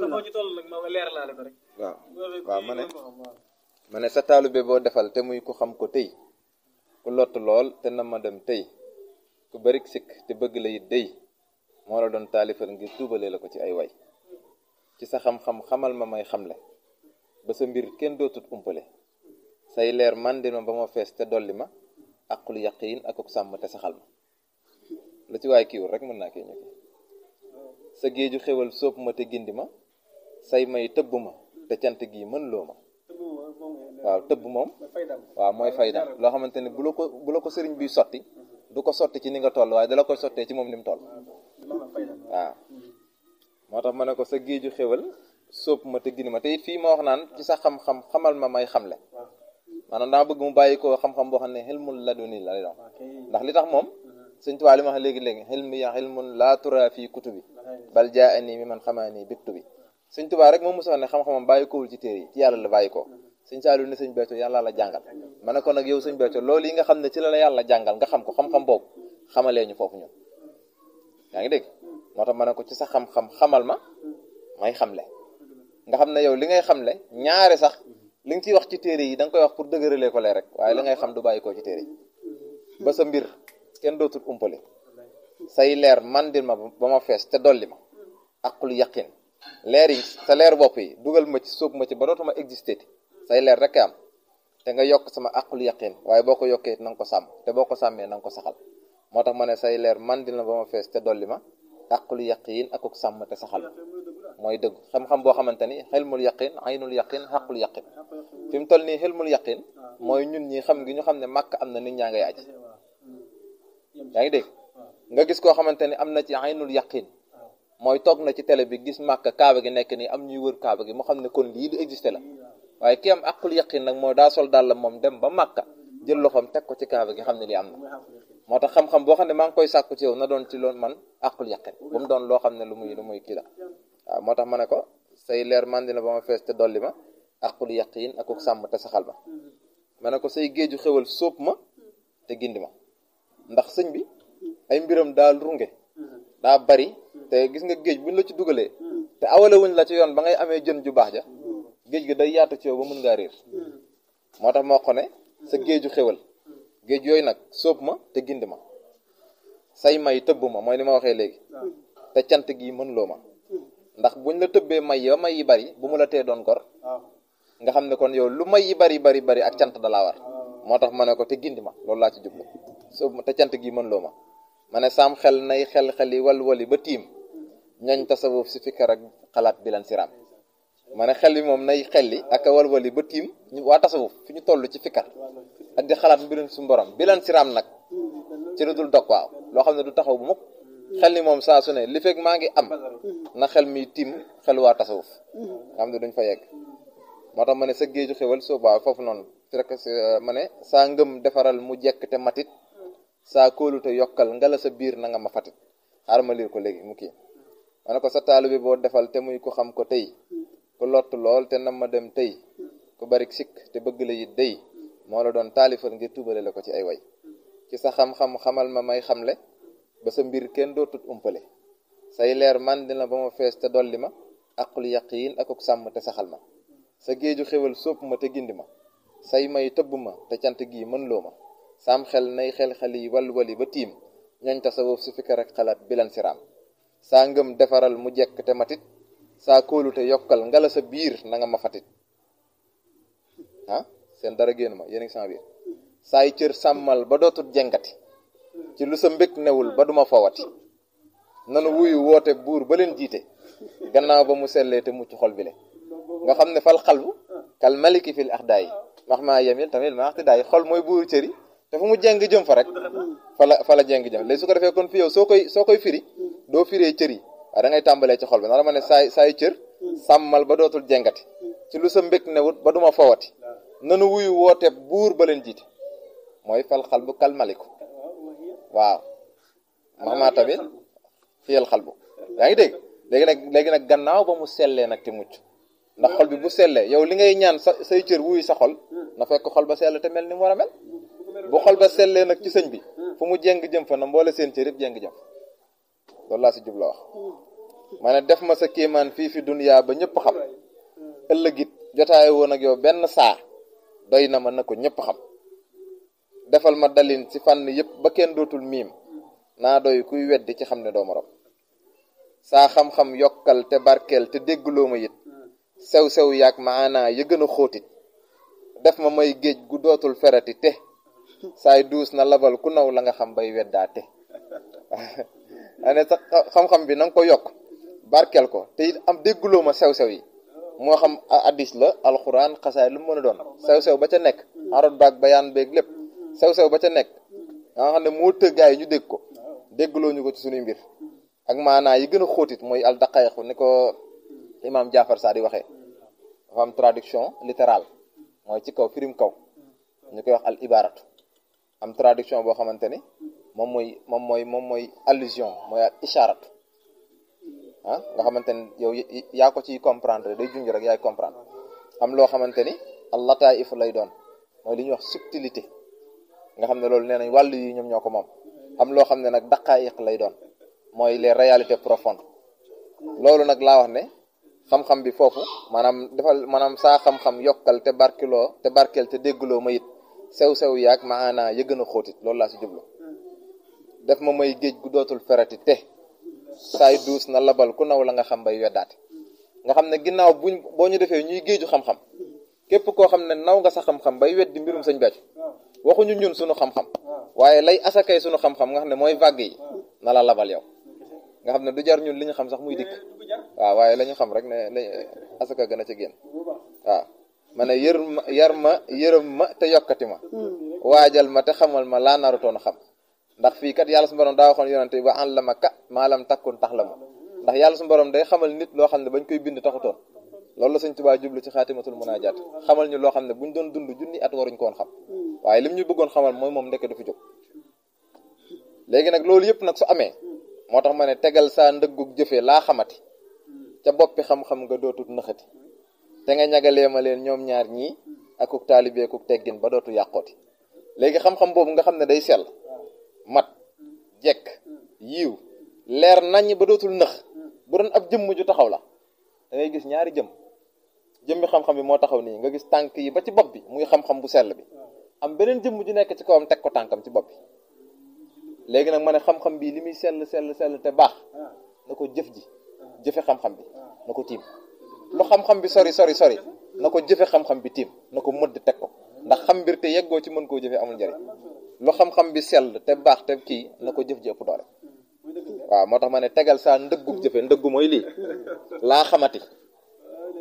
waaw waaw ma ne ma ne sa taalube boo defal te muy ku xam ko tey ku lott lool te na ma dem tey ku barik sikk te bëgg la it moo la doon taalifal ngir tuubale la ko ci ay way ci sa xam-xam xamal ma may xam xamle ba sa mbir kenn dootut umpale say leer màndil ma ba ma fees te dolli ma aqul yaqiin ak ak sàmm te saxal ma la ci waay kiiwul rek mën naa kii ñu sa géeju xewal sóob ma te gindi ma say may tëbb te cant gi mën loo ma waaw tëbb moom waaw mooy faydam loo xamante ne bu la ko bu la ko sëriñ bi sotti du ko sotti ci ni nga toll waaye dala koy sottee ci moom ni mu toll waaw moo tax ma ne ko sa géeju xéwal sóob ma te gini ma te it fii ma wax naan ci sa xam-xam xamal ma may xamle maanaam daa bëgg mu bàyyi ko xam-xam boo xam ne xilmul laduni la lay doon ndax li tax moom sëñ Tuubaa li ma wax léegi-léegi xilmi ya xilmun laa tura fii kutubi bal jaa ani mi man xamaa nii bittu bi sëñ tubaa rek moom mosax ne xam-xamam bàyyi kowul ci téere yi ci yàlla la bàyyi ko sëñ la jàngal ma ne ko nag yow sëñ Béthio loolu yi nga xam ne ci la la yàlla jàngal nga xam ko xam-xam boobu xamalee ñu foofu ñun yaa ngi dégg moo tax ma ne ko ci sax xam-xam xamal ma may le nga xam ne yow li ngay xam xamle ñaare sax li nga ciy wax ci téere yi da nga koy wax pour dëgëralee ko lay rek waaye li ngay xam du bàyyi koo ci téere yi ba sa mbir kenn dootul umpale say leer mandil ma ba ma fees te dolli ma aqulu yaqin leer yi sa leer bopp yi dugal ma ci sóob ma ci ba dootuma existé ti say leer rek am te nga yokk sama aqul yaqin waaye boo ko yokkee na nga ko sàmm te boo ko sàmmee na nga ko saxal moo tax ma ne say leer man dina ba ma fees te dolli ma aqul yaqin ak ak sàmm te saxal mooy dëgg xam-xam boo xamante ni xelmul yaqin aynul yaqin xaqul yaqin fi mu toll nii xelmul yaqin mooy ñun ñi xam gi ñu xam ne màkk am na nit ñaa ngay aj yaa ngi dégg nga gis koo xamante ni am na ci aynul yaqin mooy toog na ci télé bi gis màkk kaaba gi nekk ni am ñuy wër kaaba gi mu xam ne kon lii lu existé la waaye ki am àqul yaqin nag mooy daa sol daal la moom dem ba màkka jël loxoom teg ko ci kaaba gi xam ne lii am na moo tax xam-xam boo xam ne maa ngi koy sàkku ci doon ci loon man àqul yaqin bu mu doon loo xam ne lu muy lu muy kii la waaw moo tax ma ne ko say leer man dina ba ma fees te dolli ma àqul yaqin akuk sàmm te saxal ma ma ne ko say géeju xewal sóob ma te gindi ma ndax sëñ bi ay mbiram daal runge daa bari te gis nga géej buñ la ci dugalee te awale la ci yoon ba ngay amee jën ju baax ja géej gi day yaatu ci yow ba mun ngaa réer moo tax moo ko ne sa géeju xéwal géej yooyu nag sóob ma te gindi ma say may tëbb ma mooy li ma waxee léegi te cant gi mën ma ndax buñ la tëbbee may ya may yi bari bu mu la tee doon gor nga xam ne kon yow lu may yi bari bari bari ak cant dalaa moo tax ma ne ko te gindi ma loolu laa ci jublu sóob ma te cant gi mën loo ma ma ne saam xel nay xel xeli walwali ba tiim ñooñ tasawuf si fikkar ak xalaat bi leen siraam ma ne xel yi moom nay xelli ak walwali ba tiim waa tasawuf fi ñu toll ci fikkar ak di xalaat mbirum su borom bi siraam nag ci lu dul dog waaw loo xam ne du taxaw bu mukk xel ni moom saa su ne li fekk maa ngi am na xel mi tiim xel waa tasawuf nga xam ne duñ fa yegg moo tax ma ne sa géeju xewal soo baaw foofu noonu ci rek ma ne saa ngëm defaral mu jekk te matit saa kóolute yokkal nga la sa biir na ma fatit xaaral ma liir ko léegi mu kii ma ne ko sa taalu bi boo defal te muy ku xam ko tey ku lott lool te nam ma dem tey ku barik sikk te bëgg la yit dey moo la doon taalifal ngir tuubale la ko ci ay way ci sa xam-xam xamal ma may xamle ba sa mbir kenn dootut umpale say leer man dina ba ma fees te dolli ma aqul yaqiin akuk sàmm te saxal ma sa géeju xewal sóob ma te gindi ma say may tëbb ma te cant gii mën loo ma sam xel nay xel-xel yi wal wali ba tiim ñooñ tasawuf si fikar ak xalaat bilan siraam saa ngëm defaral mu jekk te matit saa kóolute yokkal ngala sa biir nanga nga ma fatit ah seen dara génn ma yéen a ngi sama saay cër sàmmal ba dootul jengati ci lu sa mbég newul ba duma fowati nanu wuyu woote buur ba leen jiite gannaaw ba mu sellee te mucc xol bi le nga xam ne fal xalbu kal maliki fil axdaa yi wax maa yemil tamit ma axtidaa daay xol mooy buur cër yi te fu mu jeng jëm fa rek fa la fa la jeng jëm léegi su ko defee kon fi soo koy soo koy firi doo fiiree cër yi waaye da ngay tàmbalee ci xol bi na la ma ne saay saay cër sàmmal ba dootul jengati ci lu sa mbég newut ba duma fowati nanu wuyu woote buur ba leen jiite mooy fal xal bu kalmaliku waaw mamaa tamit fiyal xal bu yaa ngi dégg léegi nag léegi nag gannaaw ba mu sellee nag te mucc ndax xol bi bu sellee yow li ngay ñaan sa say cër wuyu sa xol na fekk xol ba sell te mel ni mu war a mel bu xol ba sellee nag ci sëñ bi fu mu jeng jëm fa na mboole seen cër yëpp jeng jëm loolu laa si jubla wax ma def ma sa kéemaan fii fi duniyaa ba ñëpp xam ëllëgit jotaay woon ak yow benn saa doy na ma na ko ñépp xam defal ma dalin ci fànn yëpp ba kenn dootul miim naa doy kuy weddi ci xam ne doom morom saa xam-xam yokkal te barkeel te déggloo ma it sew-sew yaag maanaa ya gën a xóotit def ma may géej gu dootul ferati te saay duus na labal ku naw la nga xam bay weddaate daa ne xam-xam bi na ko yokk barkel ko te it am dégguloo ma sew-sew yi moo xam addis la alxuraan xasaay lu mu mën a doon sew-sew ba ca nekk arot baag bayaan beeg lépp sew-sew ba ca nekk nga xam ne moo tëggaay yi ñu dégg ko déggloo ñu ko ci suñuy mbir ak maanaa yi gën a xóotit mooy al daqayxu ni ko imaam Jaafar Saadi waxee dafa am traduction littérale mooy ci kaw firim kaw ñu koy wax al ibaratu am traduction boo xamante ni moom mooy moom mooy moom mooy allusion mooy isharat ah nga xamante ni yow yaa ko ciy comprendre day junj rek yaay comprendre am loo xamante ni allataif lay doon mooy li ñuy wax subtilité nga xam ne loolu nee nañ wàllu yi ñoom ñoo ko moom am loo xam ne nag daqaayiq lay doon mooy les réalités profondes loolu nag laa wax ne xam-xam bi foofu maanaam defal maanaam saa xam-xam yokkal te barkeloo te barkel te déggloo ma it sew-sew yaag maanaa yëgën a xóotit loolu laa si jublu def ma may géej gu dootul ferati te saay duus na labal ku naw la nga xam bay weddaate nga xam ne ginnaaw buñ boo ñu defee ñuy géeju xam-xam képp koo xam ne naw nga sa xam-xam bay weddi mbirum sañ beccu waxuñu ñun suñu xam waaye lay asakay suñu xam nga xam ne mooy vague yi na labal yow nga xam ne du jar ñun li ñu xam sax muy dikk waaw waaye lañu xam rek ne lañ asaka gën a ci génn waaw ma ne yër ma yar ma yërëm ma te yokkati ma hmm. waajal ma te xamal ma laa narutoon a xam ndax fii kat yàlla su borom daa waxoon yonante wa allamaka maa lam takkun taxlamu ndax yàlla su borom day xamal nit loo xam ne bañ koy bind taxutoon loolu la sëñ Tuubaa jublu ci xaatimatul munajat. xamal ñu loo xam ne buñ doon dund junni at waruñ ko woon xam waaye lim ñu bëggoon xamal mooy moom ndekk dafa jóg léegi nag loolu yëpp nag su amee moo tax ma ne tegal saa ndëggug jëfee laa xamati ca boppi xam-xam nga dootut nëxati te nga ñagalee ma leen ñoom ñaar ñii akuk taalibeekuk teggin ba dootu yàqooti léegi xam-xam boobu nga xam day sell mat jekk yiw leer naññ ba dootul nëx bu doon ab jëmm ju taxaw la dangay gis ñaari jëm jëmmi xam-xam bi moo taxaw nii nga gis tànk yi ba ci bopp bi muy xam-xam bu sell bi am beneen jëmm ju nekk ci kawam teg ko tànkam ci bopp bi léegi nag ma ne xam-xam bii li muy sell sell sell te baax na ko jëf ji jëfe xam-xam bi na ko tiim lu xam-xam bi sori sori sori na ko jëfe xam-xam bi tiim na ko mëdd teg ko ndax xam mbir te yeggoo ci mën koo jëfee amul njëriñ lu xam-xam bi sell te baax te kii la ko jëf ji ëpp waaw moo tax ma ne tegal saa ndëggub jëfe ndëggu mooy lii laa xamati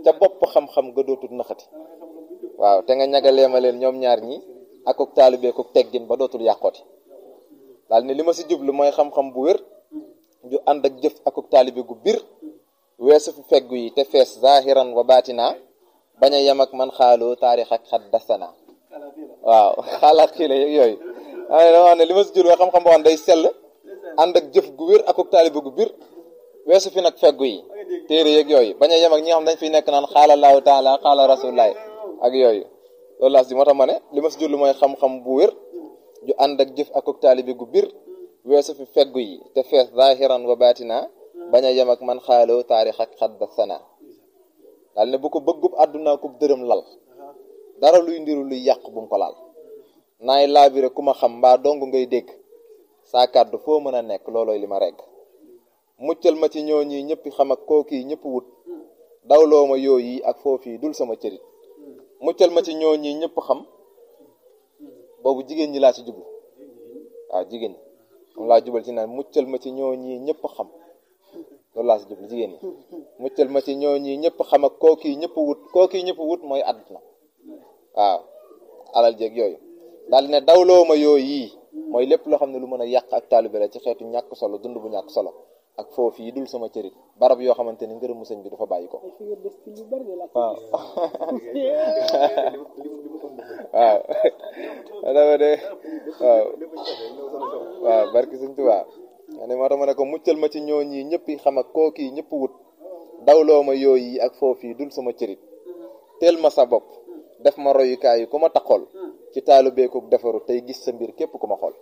ca bopp xam-xam ga dootul naxati waaw te nga ñagalee ma leen ñoom ñaar ñi ak ak taalibee ko teggin ba dootul yàqooti daal ne li ma si jublu mooy xam-xam bu wér ju ànd ak jëf ak ak taalibe gu bir weesu fu feggu yi te fees zahiran wa baatinaa bañ a yem ak man xaaloo taarix ak xat waaw xalaat xii la yeeg yooyu am li ma si jur mooy day sell ànd ak jëf gu wér ak taalibe gu bir weesu fi nag feggu yi téere yeeg yooyu bañ a yem ak ñi nga xam dañ fi nekk naan xaala laahu taala xaala rasulullahi ak yooyu loolu laas ji moo tax ma ne li ma si mooy xam-xam bu wér ju ànd ak jëf ak taalibe gu bir weesu fi feggu yi te fees zahiran wa baatina bañ a yem ak man xaaloo taarix ak xadda sana daal ne bu ko bëggub àdduna kub dërëm lal dara luy ndiru luy yàq bu mu ko laal naay laabire ku ma xam mbaa dong ngay dégg saa kàddu foo mën a nekk loolooy li ma rekk muccal ma ci ñoo ñii ñëpp xam ak kooki ñëpp wut dawloo ma yoo yi ak foofii dul sama cërit muccal ma ci ñoo ñii ñëpp xam boobu jigéen ñi laa ci jublu waaw jigéen ñi moom laa jubal ci naan muccal ma ci ñoo ñii ñëpp xam loolu laa ci jublu jigéen ñi muccal ma ci ñoo ñii ñëpp xam ak kooki ñëpp wut kooki ñëpp wut mooy àdduna waaw alal jeeg yooyu daal ne dawloo ma yooyu yii mooy lépp loo xam ne lu mën a yàq ak taalibe ci xeetu ñàkk solo dund bu ñàkk solo ak foofu yi dul sama cërit barab yoo xamante ni ngërëmu sëñ bi dafa bàyyi ko. waaw waaw dama de ne moo ma ne ko ma ci ñooñi ñëpp xam ak kooku yi wut dawloo ma yooyu yi ak foofu dul sama cërit teel ma sa bopp. def ma royukaay yi ku ma taxool hmm. ci taalubeeku defaru tey gis sa mbir képp ku ma xool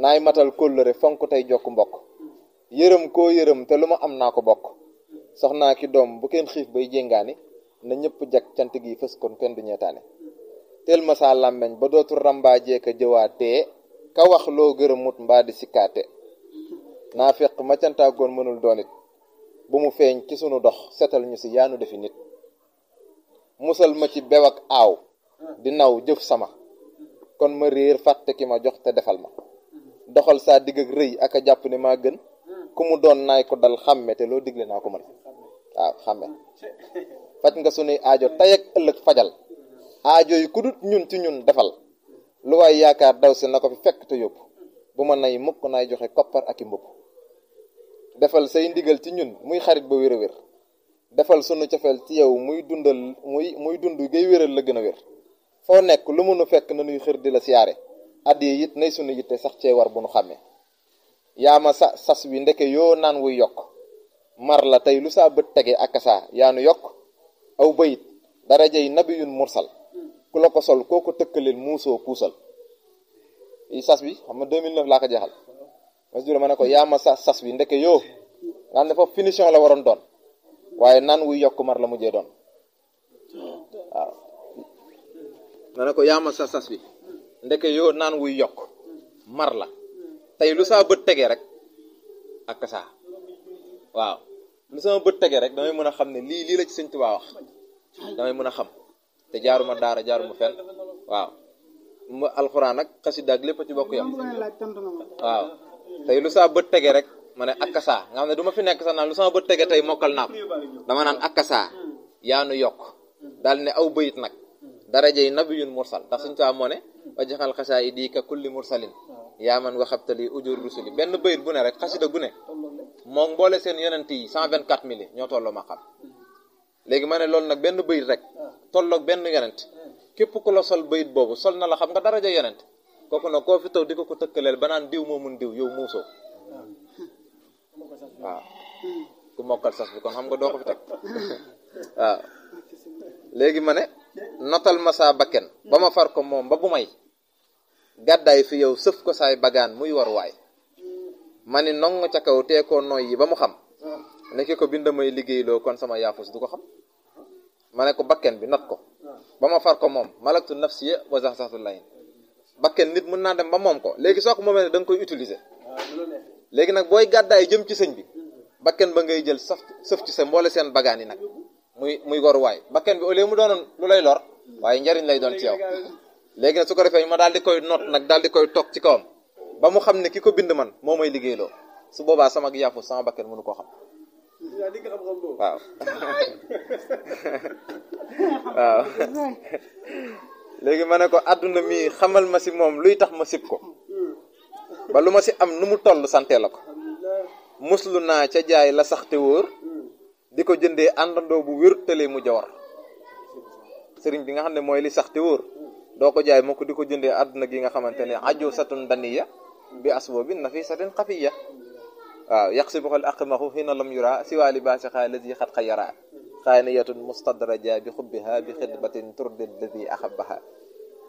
naay matal kóllëre fonk tey jokk mbokk hmm. yërëm koo yërëm te lu ma am naa ko bokk hmm. soxnaa ki doom bu kenn xiif bay jéngaani na ñëpp jag cant gi fës kon kenn du ñeetaane teel ma saa làmmeñ ba dootul rambaajeek a jëwaatee ka wax loo gërëmut mbaa di sikkaate naa fekk ma cantaagoon mënul doon bu mu feeñ ci sunu dox setal ñu si yaanu defi nit musal ma ci bew ak aaw di naw jëf sama kon ma réer fàtte ki ma jox te defal ma doxal saa digg ak rëy ak a jàpp ne maa gën ku mu doon naay ko dal xàmme te loo digle naa ko mën waaw xàmme faj nga sunuy aajo tey ak ëllëg fajal aajo yi ku dut ñun ci ñun defal lu waay yaakaar daw si na ko fi fekk te yóbbu bu ma nay mukk naay joxe koppar ak i mbubb defal say ndigal ci ñun muy xarit ba wér wér defal sunu cofeel ci yow muy dundal muy muy dund ngay wéral la gën a wér foo nekk lu nu fekk na nuy xër di la siyaare at yi nay sunu yitte sax cee war bu nu xàmmee yaa ma sa sas wi ndeke yoo naan wuy yokk mar la tey lu saa bët tege ak saa yaa nu yokk aw bayit darajay nabiyun mursal ku la ko sol kooku ko tëkkaleel muusoo puusal yi sas bi xam nga 2009 laa ko jeexal masjula ma ne ko yaa ma sa sas wi ndeke yoo nga xam ne foofu finition la waroon doon waaye nan wuy yokk mar la mujjee doon waaw nga ne ko yaama sa sas bi ndeke yoo naan wuy yokk mar la tey lu saa bët tegee rek ak saa waaw lu sama bët tegee rek damay mën a xam ne lii lii la ci sëñ Tuubaa wax damay mën a xam te jaaruma daara jaaruma fenn waaw mu alxuraan ak xasida ak lépp ci bokk yam waaw tey lu saa bët tegee rek ma ne akasa nga xam ne du fi nekk sax naa lu sama bët tege tey mokkal naa ko dama naan akasa yaa nu yokk daal ne aw bayit nag darajey nabiyun mursal ndax suñu tubaab moo ne wajaxal xasaa yi di ka kulli mursalin yaa man waxabtali ujur rusuli benn bayit bu ne rek xasida gu ne moom mboole seen yenent yi cent vingt quatre mille ñoo tolloo ma xam léegi ma ne loolu nag benn bayit rek tolloog benn yonent képp ku la sol bayit boobu sol na la xam nga daraja yonent kooku nag koo fi taw ko ko tëkkaleel ba naan diw moo mun diw yow muusoo waaw hmm. ku mokkal sas bi kon xam nga doo ko fi teg waaw léegi ma ne notal ma saa bakken ba ma far ko moom ba bu may gàddaay fi yow sëf ko saay bagaan muy war waay ma ni nong ca kaw tee koo noy yi ba mu xam nekkee ko bind may liggéeyloo kon sama yaafus du ko xam ma ne ko bakken bi not ko ba ma far ko moom malaktu nafsiya wa zaxzaxtu layin bakken nit mën naa dem ba moom ko léegi soo ko moomee da nga koy utiliser léegi nag booy gàddaay jëm ci sëñ bi bakken ba ngay jël saf sëf ci sa mboole seen bagaan yi nag muy muy waay bakken bi au mu doonoon lu lay lor waaye njariñ lay doon ci yow léegi nag su ko defee ma daal di koy noot nag daal di koy toog ci kawam ba mu xam ne ki ko bind man moo liggéey liggéeyloo su boobaa sama yàfu sama bakken mënu koo xam waaw léegi ma ne ko àdduna mi xamal ma si moom luy tax ma sib ko ba lu ma si am nu mu toll sante la ko muslu naa ca jaay la sax wóor di ko jëndee àndandoo bu wér tëlee mu jawar sëriñ bi nga xam ne mooy li sax wóor doo ko jaay mukk di ko jëndee àdduna gi nga xamante ne ajo satun daniya bi asboo bi nafisatin xafiya waaw yaq si boxal aqmahu xina lam yura si waali baasi xaa lati xat xa yara xaaniyatun mustadraja bi xubbiha bi xidbatin turdi ladi axabaha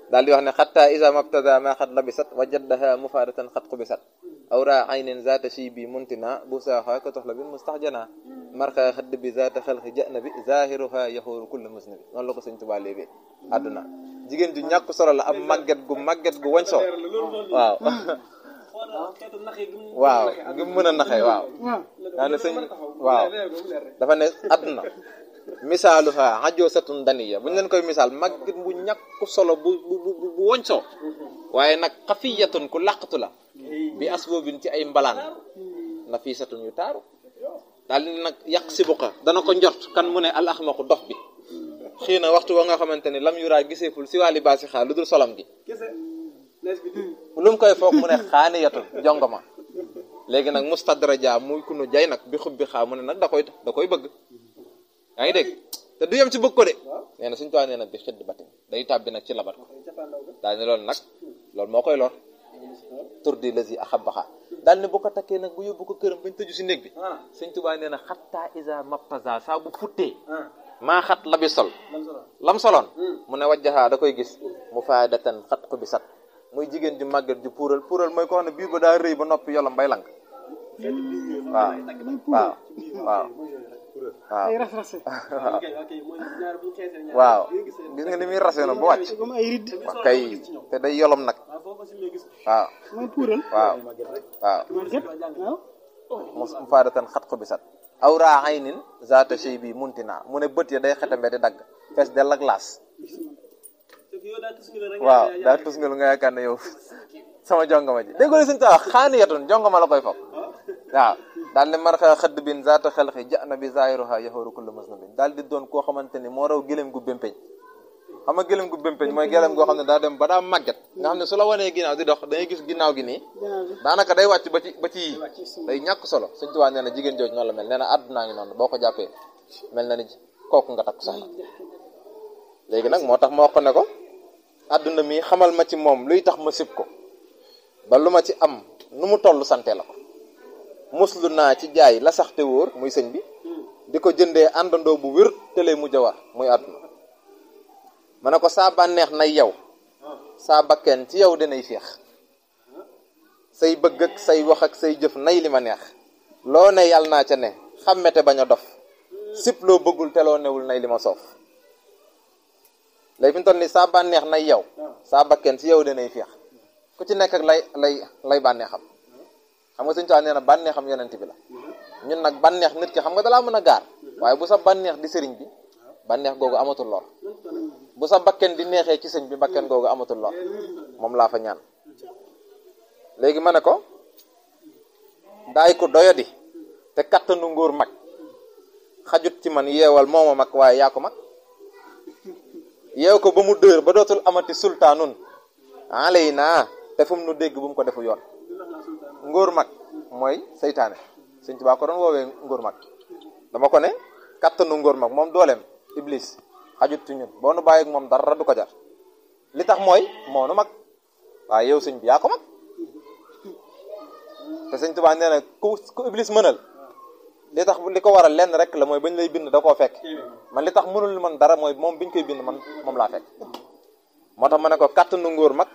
daal di wax ne xatta isa mabtada ma xat labisat wa jaddaha mufaadatan xat xubisat awra aynin zata chi bi muntina bu saaxa ka toxla bi mustaxjana marka xadd bi zata xalxi jana bi zahiruha yaxooru kulle musnibi noonu la ko sëñ Tuubaa léegi àdduna jigéen ju ñàkk solo la am màgget gu màgget gu wañ so waaw waaw gi mën a naxee waaw daa ne dafa ne àdduna misaaluha hajjosatun daniya bu ñu leen koy misaal màggit bu ñàkku solo bu bu bu waaye nag xafiyatun ku làqatu la bi asboobin ci ay mbalaan nafisatun yu taaru daal di nag yàq si buqa dana ko njort kan mu ne al axmaqu dox bi xëy na waxtu wa nga xamante ni lam yuraa giseeful si waali baasi xaa lu dul solom gi lu mu koy foog mu ne xaaniyatun jongoma léegi nag mustadraja muy ku nu jay nag bi xubbi xaa mu ne nag da koy da koy bëgg yaa ngi dégg te du yem ci bëgg ko de nee na suñu tuwaa nee na bi xëdd batin day tàbbi nag ci labat ko daal ne loolu loolu moo koy lor tur di lasi daal ne bu ko takkee nag bu yóbbu ko këram bañ tëju si néeg bi ah. suñ tubaa nee na xattaa isa mapasa saa bu futtee ah. maa xat la bi sol lam soloon hmm. mu ne wajjaxaa da koy gis mu faadatan xat ko bi sat muy jigéen ju màgget ju puural puural mooy ko xam ne bii ba daa rëy ba noppi yolam bay lang waaw waaw waaw ay ras-rase. waaw gis nga ni muy rasé noonu ba wàcc. waaw kay te day yolom nag. waaw. waaw waaw. mos faadatan xat ko bisat awraa aynin zaata shay bi munti na mu ne bët ya day xetambe di dagg fees dell ak laas waaw daa tusngalu nga yaakaar ne yow sama jongama ji déggoo ne suñu xaani yatun jongama la koy foog waaw daal di marxa xëdd bin zaata xelxi ja na bi zaayiruha yaxooru kullu muslimin daal di doon koo xamante ni moo raw gëlëm gu bémpeñ xam nga gëlëm gu bémpeñ mooy gëlëm goo xam ne daal dem ba daa màgget nga xam ne su la wanee ginnaaw di dox dangay gis ginnaaw gi nii daanaka day wàcc ba ci ba ci yii day ñàkk solo suñ tubaab nee na jigéen jooj noonu la mel nee na àddunaa ngi noonu boo ko jàppee mel na ni kooku nga takk soxna léegi nag moo tax ma wax ko ne xamal ma ci moom luy tax ma sib ko ba lu ma ci am nu mu toll sante la ko muslu naa ci jaay la sax te wóor muy sëñ bi di ko jëndee àndandoo bu wér te lay mujj war muy àdduna ma ne ko saa bànneex nay yow saa bakkeen ci yow danay féex say bëgg ak say wax ak say jëf nay li ma neex loo ne yàlla naa ca ne xàmmete bañ a dof sip loo bëggul te loo newul nay li ma soof léegi fi ni toll saa bànneex nay yow saa bakkeen ci yow danay féex ku ci nekk ak lay lay lay bànneexam xam nga señ tubaab neena na bànneexam yonent bi la ñun nak banex nit ki xam nga dalaa mën a gaar bu sa banex di señ bi banex googu amatul lor bu sa bakken di nexé ci señ bi bakken gogo amatul lor mom la fa ñaan léegi ma ko daay ko doyadi te katanu nguur mak xajut ci man yeewal iya mooma mak waye ya ko mak iya ko bamu deur ba dotul amati sultanun alayna ah, te nu dégg bu ko defu yoon ngóor mag mooy seytaane sëñ Tuubaa ko doon woowee ngóor mag dama ko ne kattanu ngóor mag moom dooleem iblis xajut ci ñun boo nu bàyyeeg moom dara du ko jar li tax mooy moo nu mag yow sëñ bi yaa ko mag te sëñ Tuubaa nee na ku ku iblis mënal li tax li ko waral lenn rek la mooy bañ lay bind da koo fekk man li tax mënul man dara mooy moom biñ koy bind man moom laa fekk moo tax ma ne ko kattanu ngóor mag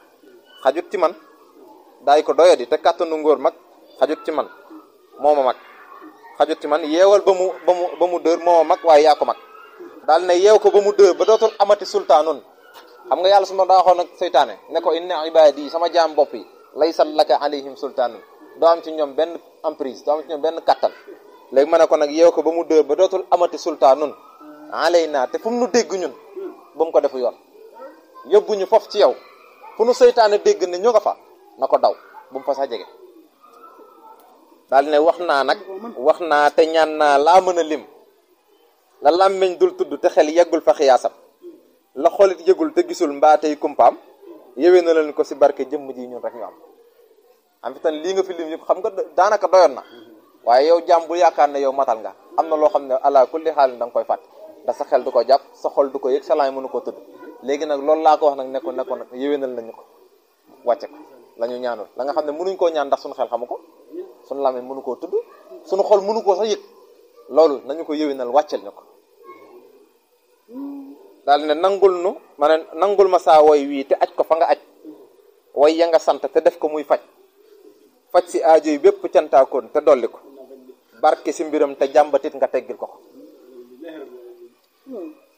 xajut ci man daay ko doyadi te kàttanu ngóor mag xajut ci man moo ma mag xajut ci man yeewal ba mu ba mu ba mu dër moo mag waaye yaa ko mag daal ne yeew ko ba mu dër ba dootul amati sultaanun xam nga yàlla su ma daa nag seytaane ne ko inna ibaadi sama jaam bopp yi laysa laka alayhim sultaanun doo am ci ñoom benn emprise doo am ci ñoom benn kattan léegi ma ne ko nag yeew ko ba mu dër ba dootul amati sultaanun alay naa te fu mu nu dégg ñun ba mu ko defu yoon yóbbuñu foofu ci yow fu nu seytaane dégg ne ñu ko fa na ko daw bu mu fa sa jege daal ne wax naa nag wax naa te ñaan naa laa mën a lim la làmmiñ dul tudd te xel yeggul fa xiyaasam la xolit yëgul te gisul mbaa tey kumpaam yewee na leen ko si barke jëmm ji ñun rek ñu am am fi tan lii nga fi lim yëpp xam nga daanaka doyoon na waaye yow jàmm bu yaakaar ne yow matal nga am na loo xam ne ala kulli xaalin da nga koy fàtte ndax sa xel du ko jàpp sa xol du ko yëg sa laay mënu koo tudd léegi nag loolu laa ko wax nag ne ko nag yéwénal nañu ko la ñu ñaanul la nga xam ne mënuñ koo ñaan ndax suñu xel xamu ko suñu làmmiñ mënu koo tudd suñu xol mënu koo sax yëg loolu nañu ko yëwinal wàccel ñu ko dal ne nangul nu ma ne nangul ma saa woy wii te aj ko fa nga aj woy ya nga sant te def ko muy faj faj si ajo yi bépp cantaakoon te dolli ko barke si mbiram te jàmbatit nga teggil ko ko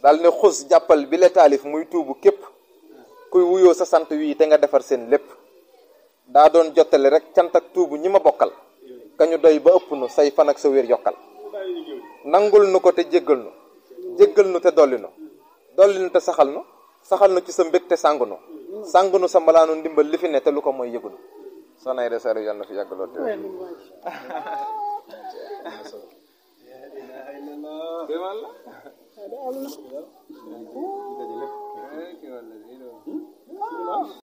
daal ne xus jàppal bi la taalif muy tuubu képp kuy wuyoo sa sant wii te nga defar seen lépp daa doon jottali rek cant tuubu ñi ma bokkal ka ñu doy ba ëpp nu say fan ak sa wér yokkal nangul nu ko te jéggal nu jéggal nu te dolli nu dolli nu te saxal nu saxal nu ci sa mbég te sàng nu sàng nu sa malaanu ndimbal li fi ne te lu ko mooy yëgu nu soxna Aida